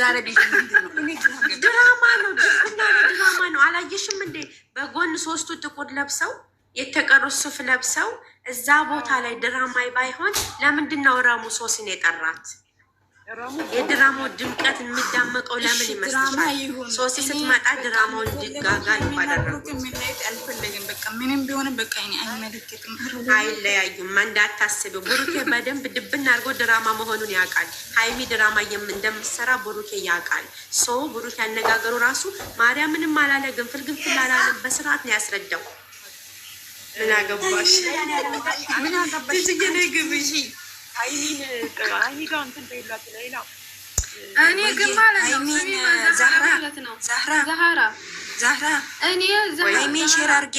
ዛሬ ድራማ ነው፣ ድቁና ድራማ ነው። አላየሽም እንዴ? በጎን ሶስቱ ጥቁር ለብሰው የተቀሩት ሱፍ ለብሰው እዛ ቦታ ላይ ድራማ ባይሆን ለምንድን ነው ረሙ ሶስን የጠራት? የድራማው ድምቀት የሚዳመቀው ለምን ይመስልሻል? ሶሲ ስትመጣ ድራማው እንዲጋጋ ነው ያደረጉት። ምንም አይለያዩም። እንዳታስቢው ብሩኬ በደንብ ድብን አድርጎ ድራማ መሆኑን ያውቃል። ሀይሚ ድራማ እንደምትሰራ ብሩኬ ያውቃል። ሰው ብሩኬ ያነጋገሩ ራሱ ማርያም ምንም አላለ፣ ግንፍል ግንፍል አላለ። በስርዓት ነው ያስረዳው። ምን አገባሽ? ምን አገባሽ? ግብሽ እኔ ግን ማለት ነው ስሚ ዛህራ ማለት ነው ዛህራ ዛህራ ዛህራ እኔ ዛህራ ሼር አድርጌ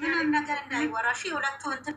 ምንም ነገር እንዳይወራሽ የሁለቱ እንትን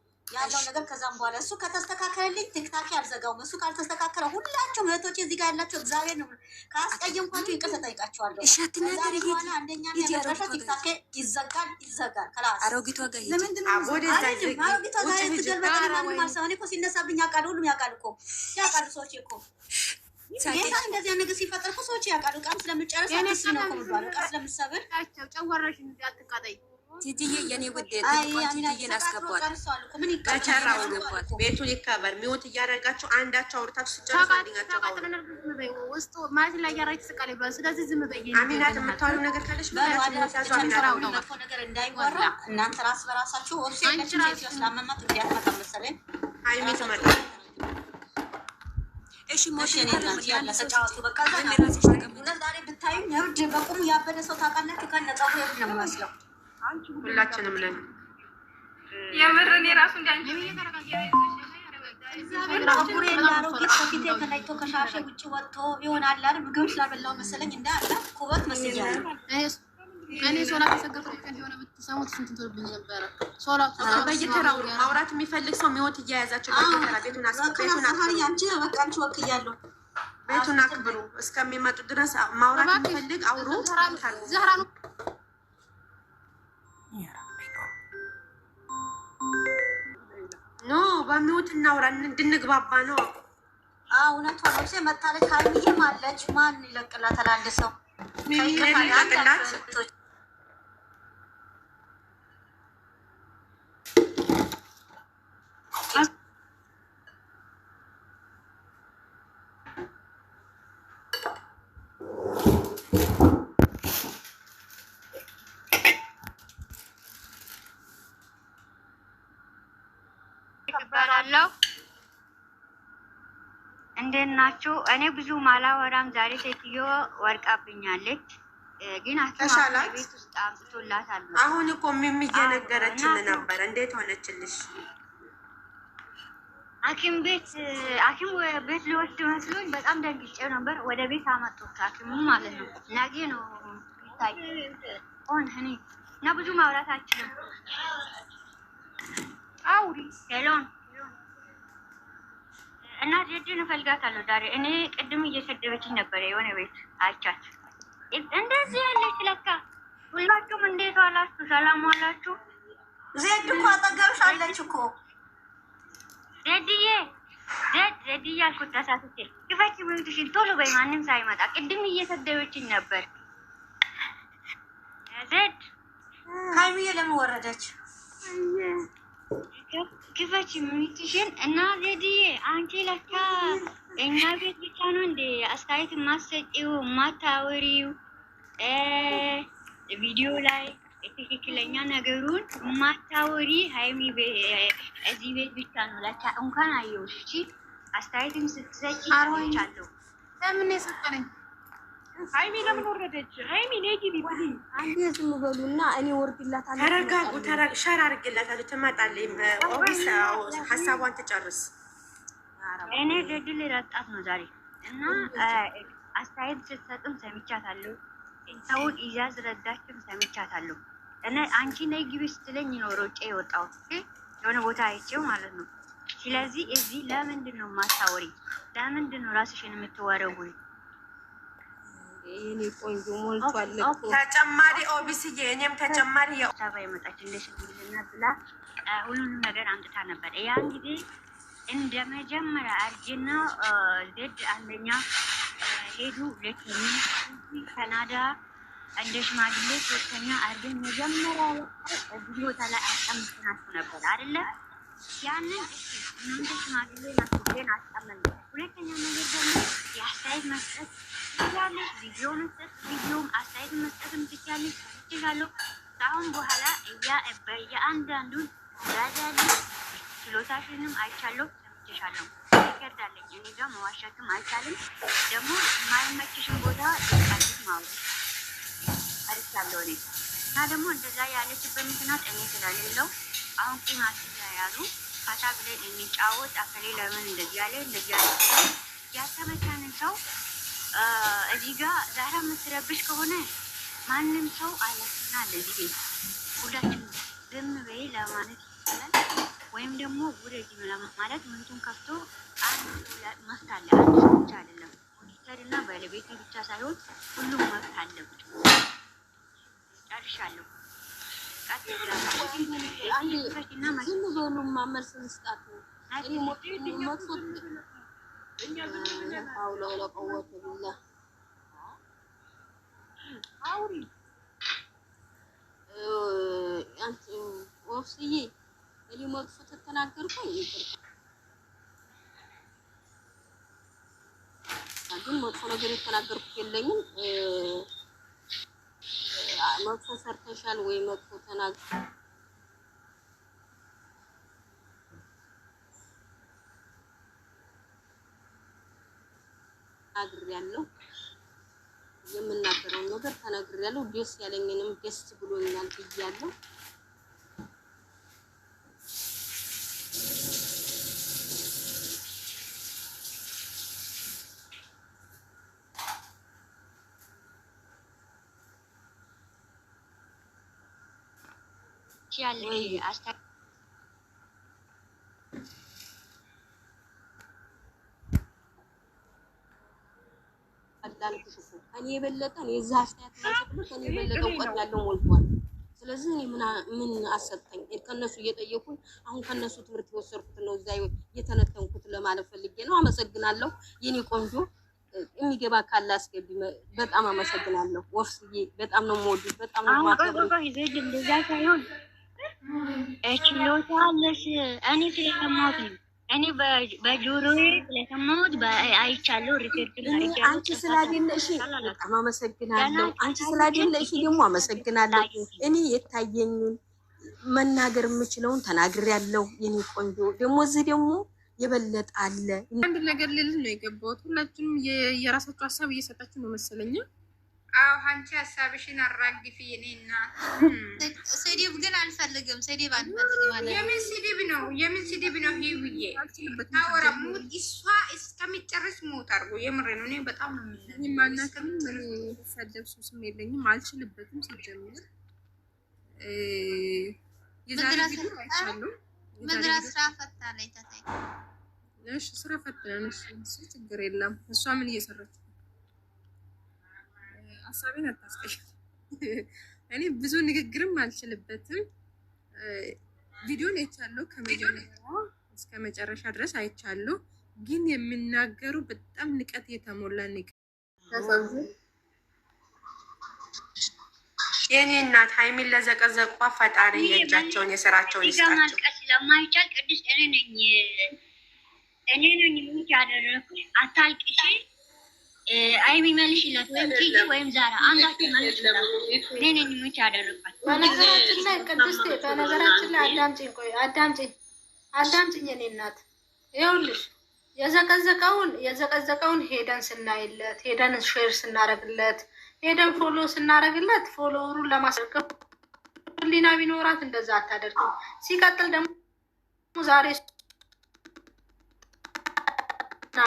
ያለው ነገር ከዛም በኋላ እሱ ከተስተካከለልኝ ትክታኪ አልዘጋውም። እሱ ካልተስተካከለ ሁላችሁም እህቶቼ እዚህ ጋር ያላቸው እግዚአብሔር ነው ካስቀየምኳቸው ይቅርታ ጠይቃቸዋለሁ። በኋላ አንደኛ የመረሻ ትክታኪ ይዘጋል ይዘጋል። አሮጊቷ ጋር ትገልበጠ ማንም አልሰማን እኮ ሲነሳብኝ ያውቃል። ሁሉም ያውቃል እኮ ያውቃሉ ሰዎች እኮ ጌታ እንደዚህ ነገር ሲፈጠር እኮ ሰዎች ያውቃሉ። ዕቃም ስለምጨርስ ነው እኮ ብሏል። ዕቃ ስለምሰብር ጨወረሽ አትቃጠይ ቲጂዬ የኔ ውድ ቲጂዬን አስገቧት። በቸራ አስገቧት። ቤቱን ይከበር ሚወት እያደረጋችሁ አንዳቸው አውርታችሁ ስጨርሱ አንደኛቸው ስለዚህ ዝም በይ። አሚናት የምታወሩ ነገር ካለሽ እናንተ ራስ በራሳችሁ እሺ ሞሽን ያለሰጫወቱ እብድ በቁም ያበደ ሰው ታውቃለህ። ከነ ጸጉር ነው የሚመስለው ሁላችንም ነን። የምር እኔ ራሱ እንዳንቺ ጸጉሬ አሮጌት ከፊቴ ተለይቶ ውጭ ወጥቶ ይሆናል አይደል? ምግብ ስላልበላው መሰለኝ እንዳለ ኩበት መስያለሁ። እኔ ሶላት የሰገድኩት እንደሆነ ብትሰሙት ስንት ትልብኝ ነበረ። ሶላት በየተራው ማውራት የሚፈልግ ሰው ሚወት እያያዛቸው በየተራ ቤቱን ወክያለሁ። ቤቱን አክብሩ። እስከሚመጡ ድረስ ማውራት የሚፈልግ አውሩ። ኖ በሚውት እናውራ እንድንግባባ ነው። እውነቷ ነው። ዜ መታለች። ሀይሚዬም አለች። ማን ይለቅላታል? አንድ ሰው ይለቅላት እንዴት ናችሁ? እኔ ብዙ ማላወራም ዛሬ ሴትዮ ወርቃብኛለች፣ ግን አስተማሪ ቤት ውስጥ አለ። አሁን እኮ ሚሚዬ ነገረችን ነበር። እንዴት ሆነችልሽ? ሐኪም ቤት ሐኪም ቤት ሊወስድ መስሎኝ በጣም ደንግጬ ነበር። ወደ ቤት አመጡት ሐኪሙ ማለት ነው። ነገ ነው ሆን እና ብዙ ማውራት አችልም። አውሪ ሄሎን እና ዜድን እፈልጋታለሁ ዛሬ። እኔ ቅድም እየሰደበችኝ ነበረ የሆነ ቤት አቻት እንደዚህ ያለች ለካ። ሁላችሁም እንዴት ዋላችሁ? ሰላም ዋላችሁ? ዜድ እኮ አጠገብሽ አለች እኮ ዜድዬ፣ ዜድ ዜድዬ አልኩት ተሳስቼ። ክፈች ምንትሽን ቶሎ በይ ማንም ሳይመጣ። ቅድም እየሰደበችኝ ነበር ዜድ። ሀይሚዬ ለምን ወረደች? ክፈች ምንትሽን እና ዜድዬ አንቺ ለካ እኛ ቤት ብቻ ነው እንደ አስተያየት ማሰጪው ማታወሪው ቪዲዮ ላይ ትክክለኛ ነገሩን ማታወሪ ሀይሚ እዚህ ቤት ብቻ ነው ለካ። እንኳን አየሁሽ። እሺ አስተያየትም ስትሰጪ ለምን የሰጠነኝ ሀይሚ ለምን ወረደች? ሀይሚ ነይ ግቢ አንዴ ዝም በሉና እኔ ወርድላታለሁ። ተረጋጉ። ሸር አድርጌላታለሁ። ትመጣለች። ሀሳቧን ትጨርስ። እኔ ገድል ረጣት ነው ዛሬ እና አስተያየት ስትሰጥም ሰምቻታለሁ። ሰውን እያስረዳችም ሰምቻታለሁ። እና አንቺ ነይ ግቢ ስትለኝ ነው ሮጬ የወጣሁት የሆነ ቦታ አይቼው ማለት ነው። ስለዚህ እዚህ ለምንድን ነው የማታወሪ? ለምንድን ነው ራስሽን የምትወረውሪ? ተጨማሪ ኦቢስዬ እኔም ተጨማሪ ሰባ የመጣችልሽ እንግሊዝና ብላ ሁሉንም ነገር አምጥታ ነበር። ያን ጊዜ እንደ መጀመሪያ አርጅና ዜድ አንደኛ ሄዱ፣ ሁለተኛ ካናዳ እንደ ሽማግሌ፣ ሶስተኛ አርጅን መጀመሪያ ቦታ ላይ አስቀምጥናቸው ነበር አይደለም ያንን እናንተ ሽማግሌ ማስገን አስጠመል። ሁለተኛ ነገር ደግሞ የአስተያየት መስጠት ትችላለች፣ ቪዲዮ መስጠት ቪዲዮም አስተያየት መስጠትም ትችላለች። ትችላለሁ ከአሁን በኋላ እያ በየአንዳንዱን ዳዳሉ ችሎታሽንም አይቻለሁ፣ ተምችሻለሁ። ይከርዳለኝ እኔ ጋር መዋሻትም አይቻልም። ደግሞ የማይመችሽን ቦታ ጥቃት ማውጣት አርቻለሁ እኔ እና ደግሞ እንደዛ ያለችበት ምክንያት እኔ ስለሌለው አሁን ቂም አስ ተያዙ። ፋታ ብለን እንጫወት፣ አከሌ ለምን እንደዚህ ያለ እንደዚህ ያለ ያልተመቻንን ሰው እዚህ ጋር ዛሬ የምትረብሽ ከሆነ ማንም ሰው አለፍና ለዚህ ቤት ሁላችን ዝም በይ ለማለት ይችላል። ወይም ደግሞ ውረጅ ምንቱን ከፍቶ አንድ መፍት አለ። አንድ ሰው ብቻ አይደለም፣ ብቻ ሳይሆን ሁሉም መፍት ጨርሻለሁ። ግን መጥፎ ነገር የተናገርኩት የለኝም። መጥፎ ሰርተሻል ወይ መጥፎ ተናግረሽ ተናግሬያለሁ። የምናገረውን ነገር ተናግሬያለሁ። ደስ ያለኝንም ደስ ብሎኛል ብያለሁ። ትችላለሽ። ከኔ የበለጠ የዛ አስተያየት ከኔ የበለጠ እውቀት ያለው ሞልቷል። ስለዚህ እኔ ምን አሰጠኝ? ከነሱ እየጠየኩኝ አሁን ከነሱ ትምህርት የወሰድኩት ነው እዛ እየተነተንኩት ለማለት ፈልጌ ነው። አመሰግናለሁ የኔ ቆንጆ። የሚገባ ካለ አስገቢ። በጣም አመሰግናለሁ ወፍስዬ። በጣም ነው የምወዱት። በጣም ነው ማከብሩ። ችሎታለሽ። እኔ ስለሰማሁት ነው። እኔ በጆሮዬ ስለሰማሁት አይቻለሁ። ሪፌርድ አንቺ ስላደለሽ በጣም አመሰግናለሁ። አንቺ ስላደለሽ ደግሞ አመሰግናለሁ። እኔ የታየኝን መናገር የምችለውን ተናግሬያለሁ። የኔ ቆንጆ ደግሞ እዚህ ደግሞ የበለጠ አለ። አንድ ነገር ልልህ ነው የገባሁት። ሁላችንም የራሳቸው ሀሳብ እየሰጣችሁ ነው መሰለኝ አዎ አንቺ ሀሳብሽን አራግፊ። እኔ እናት ስድብ ግን አልፈልግም። ስድብ አልፈልግም። የምን ስድብ ነው? የምን ስድብ ነው? ሂውዬ ታወራ ሙት እሷ እስከሚጨርስ ሙት አርጎ የምሬ ነው። እኔ በጣም ማናከም የሚሰደብ ሱስም የለኝም፣ አልችልበትም። ሲጀምር የዛሬ ስራ ፈታ ላይ ተታይ ስራ ፈታ እሱ ችግር የለም። እሷ ምን እየሰራች ሀሳቤን አታስቀይም። እኔ ብዙ ንግግርም አልችልበትም። ቪዲዮን አይቻለሁ ከመጀመሪያ እስከ መጨረሻ ድረስ አይቻለሁ። ግን የሚናገሩ በጣም ንቀት የተሞላ ንቀት የኔ እናት ሀይሚን ለዘቀዘቁ ፈጣሪ የእጃቸውን የስራቸውን ይስጣቸው። ስለማይቻል ቅዱስ እኔ ነኝ እኔ ነኝ ሙት ያደረኩ አታልቅሽ አይሚ መልሽላት ወይም ቲጂ ወይም ዛራ መልሽላት። በነገራችን ላይ በነገራችን ላይ አዳምጪኝ፣ ቆይ አዳምጪኝ፣ አዳምጪኝ የኔ እናት ይኸውልሽ፣ የዘቀዘቀውን የዘቀዘቀውን ሄደን ስናይለት፣ ሄደን ሼር ስናረግለት፣ ሄደን ፎሎ ስናረግለት፣ ፎሎወሩን ለማስረከብ ህሊና ቢኖራት እንደዛ አታደርግም። ሲቀጥል ደግሞ ዛሬ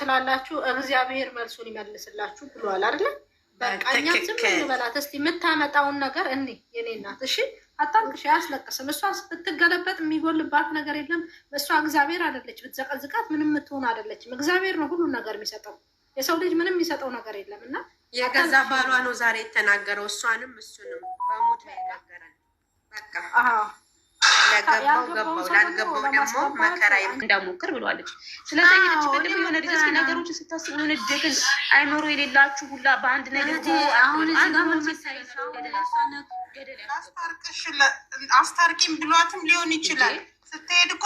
ስላላችሁ እግዚአብሔር መልሱን ይመልስላችሁ ብሏል አይደለ? በቃ እኛም ዝም እንበላት እስኪ የምታመጣውን ነገር እኔ የኔ እናት እሺ፣ አታልቅሽ፣ አያስለቅስም። እሷ ብትገለበጥ የሚጎልባት ነገር የለም። እሷ እግዚአብሔር አይደለች፣ ብትዘቀዝቃት ምንም የምትሆን አይደለችም። እግዚአብሔር ነው ሁሉን ነገር የሚሰጠው። የሰው ልጅ ምንም የሚሰጠው ነገር የለም እና የገዛ ባሏ ነው ዛሬ የተናገረው እሷንም እሱንም በሙድ ነው በቃ ለገባው ገባው ላልገባው ደግሞ መከራ እንዳሞክር ብለዋለች። ስለዚህ ሄደች በደም የሆነ ጊዜ እስኪ ስታስብ የሆነ ደግል አይምሮ የሌላችሁ ሁላ በአንድ ነገር አስታርቂም ብሏትም ሊሆን ይችላል ስትሄድ እኮ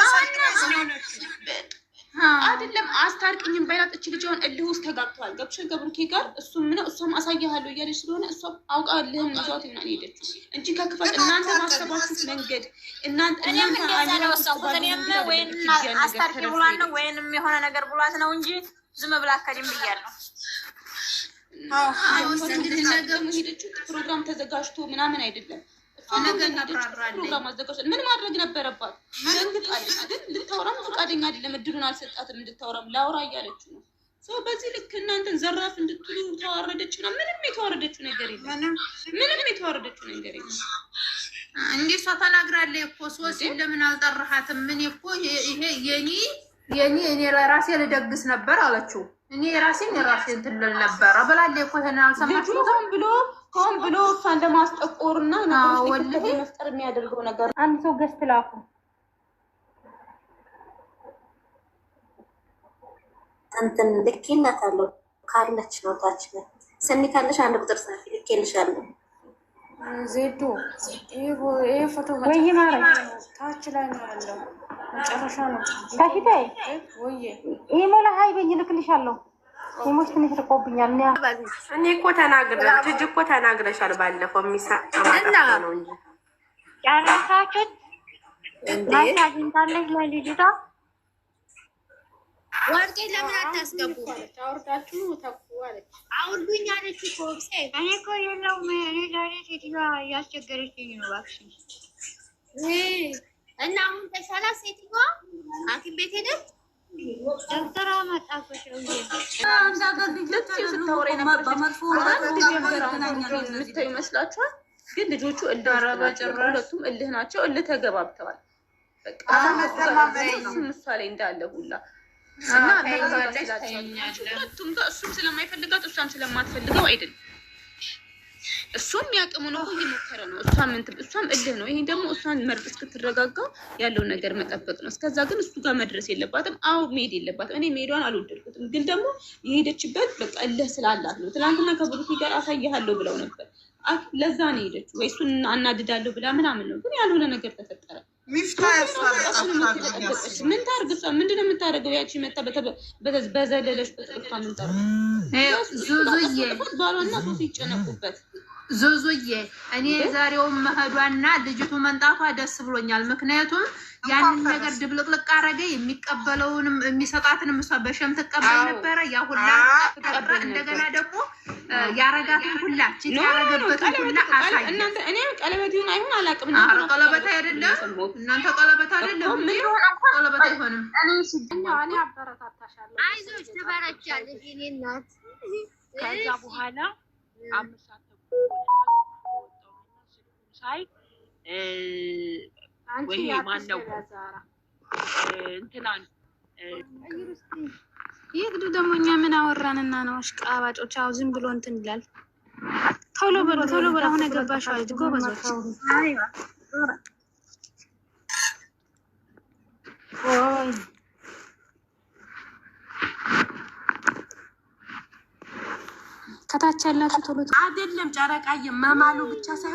አይደለም አስታርቅኝም ባይላት እች ልጅ እልህ ውስጥ ተጋብተዋል። ገብሽ ከብሩኬ ጋር እሱ ምን እሷም አሳያሃለሁ እያለች ስለሆነ እሷም አውቃ ልህም ይዟት ና ሄደች እንጂ ከክፋት እናንተ ማሰባችሁት መንገድ እናንተ ወይም አስታርቂ ብሏት ነው ወይንም የሆነ ነገር ብሏት ነው እንጂ ዝም ብላ ከድም ብያለሁ። ሄደችው ፕሮግራም ተዘጋጅቶ ምናምን አይደለም ምን ማድረግ ነበረባት? ግን ልታወራም ፈቃደኛ አይደለም። እድሉን አልሰጣትም እንድታወራም። ላውራ እያለች ነው። ሰው በዚህ ልክ እናንተን ዘራፍ እንድትሉ ተዋረደች። ተዋረደችና፣ ምንም የተዋረደችው ነገር የለም። ምንም የተዋረደችው ነገር የለም። እንዲህ እሷ ተናግራለች እኮ ሶስት ለምን አልጠራሃትም? ምን እኮ ይሄ የኔ የኔ እኔ ለራሴ ልደግስ ነበር አለችው። እኔ የራሴን የራሴን ትልል ነበረ ብላለች እኮ ይሄን አልሰማችሁም ብሎ ሆን ብሎ እሷን ለማስጠቆር እና መፍጠር የሚያደርገው ነገር አንድ ሰው ገዝት ላኩ እንትን ልኬላታለሁ ካለች ነው ታች ስኒ ካለሽ አንድ ቁጥር ጻፊ ልኬልሻለሁ። ዜዱ ይሄ ፎቶ ወይ ማረ ታች ላይ ነው ያለው መጨረሻ ነው። ታሽታይ ወይ ይሄ ሞላ ሀይ በኝ ልክልሻለሁ ኢሞሽን ይርቆብኛል። እኔ እኮ ተናግረሽ ትጅ እኮ ተናግረሻል ባለፈው ሚሳ ነው ጨረሳችሁት? ማታ አግኝታለች ለልጅቷ ወርቄ ለምን አታስገቡ? አውርዳችሁ ተኩ አለች። አውርዱኝ አለች እኮ እኔ እኮ የለውም። እኔ ዛሬ ሴትዮዋ እያስቸገረችኝ ነው እባክሽ። እና አሁን ተሻላት ሴትዮዋ ሐኪም ቤት ሄደች ደብተራ መጣፈሽ የምታዩ ይመስላችኋል፣ ግን ልጆቹ ሁለቱም እልህ ናቸው። እልህ ተገባብተዋል። እሷ ላይ እንዳለ ሁላ እና ሁለቱም እሱም ስለማይፈልጋት እሷም ስለማትፈልገው አይደለም እሷም ያቅሙ ነው እየሞከረ ነው። እሷ ምንት እሷም እልህ ነው። ይሄ ደግሞ እሷን መርጥ እስክትረጋጋ ያለው ነገር መጠበቅ ነው። እስከዛ ግን እሱ ጋር መድረስ የለባትም። አዎ መሄድ የለባትም። እኔ መሄዷን አልወደድኩትም፣ ግን ደግሞ የሄደችበት በቃ እልህ ስላላት ነው። ትናንትና ከብሩክ ጋር አሳይሃለሁ ብለው ነበር። ለዛ ነው ሄደች ወይ እሱን አናድዳለሁ ብላ ምናምን ነው። ግን ያልሆነ ነገር ተፈጠረ። ምን ታርግ? እሷ ምንድን ነው የምታደርገው? ያቺ መታ በዘለለች በጥርቷ ምን ታርግ? ባሏና ሶስት ይጨነቁበት ዙዙዬ እኔ የዛሬውን መሄዷና ልጅቱ መንጣቷ ደስ ብሎኛል። ምክንያቱም ያንን ነገር ድብልቅልቅ አረገ። የሚቀበለውንም የሚሰጣትንም እሷ በሸም ትቀበል ነበረ። ያ ሁላ ቀረ። እንደገና ደግሞ ያረጋትን ሁላ ያረገበትን ሁላ ቀለበት ይሁን አይሁን አላውቅም። ቀለበት አይደለም እናንተ ቀለበት አይደለም ቀለበት አይሆንም። አይዞሽ ትበረቻለሽ የእኔ እናት ከዛ በኋላ አምሳ ሳይ ወይ ማነው እንትናን ይግዱ ደግሞ እኛ ምን አወራንና ነው? አሽቃባጮች አዎ፣ ዝም ብሎ እንትን ይላል። ቶሎ በሎ ቶሎ በሎ፣ አሁን ገባሽ አለች። ጎበዞች ወይ ከታች ያላችሁ ቶሎ አይደለም ጨረቃዬ መማሉ ብቻ ሳይሆን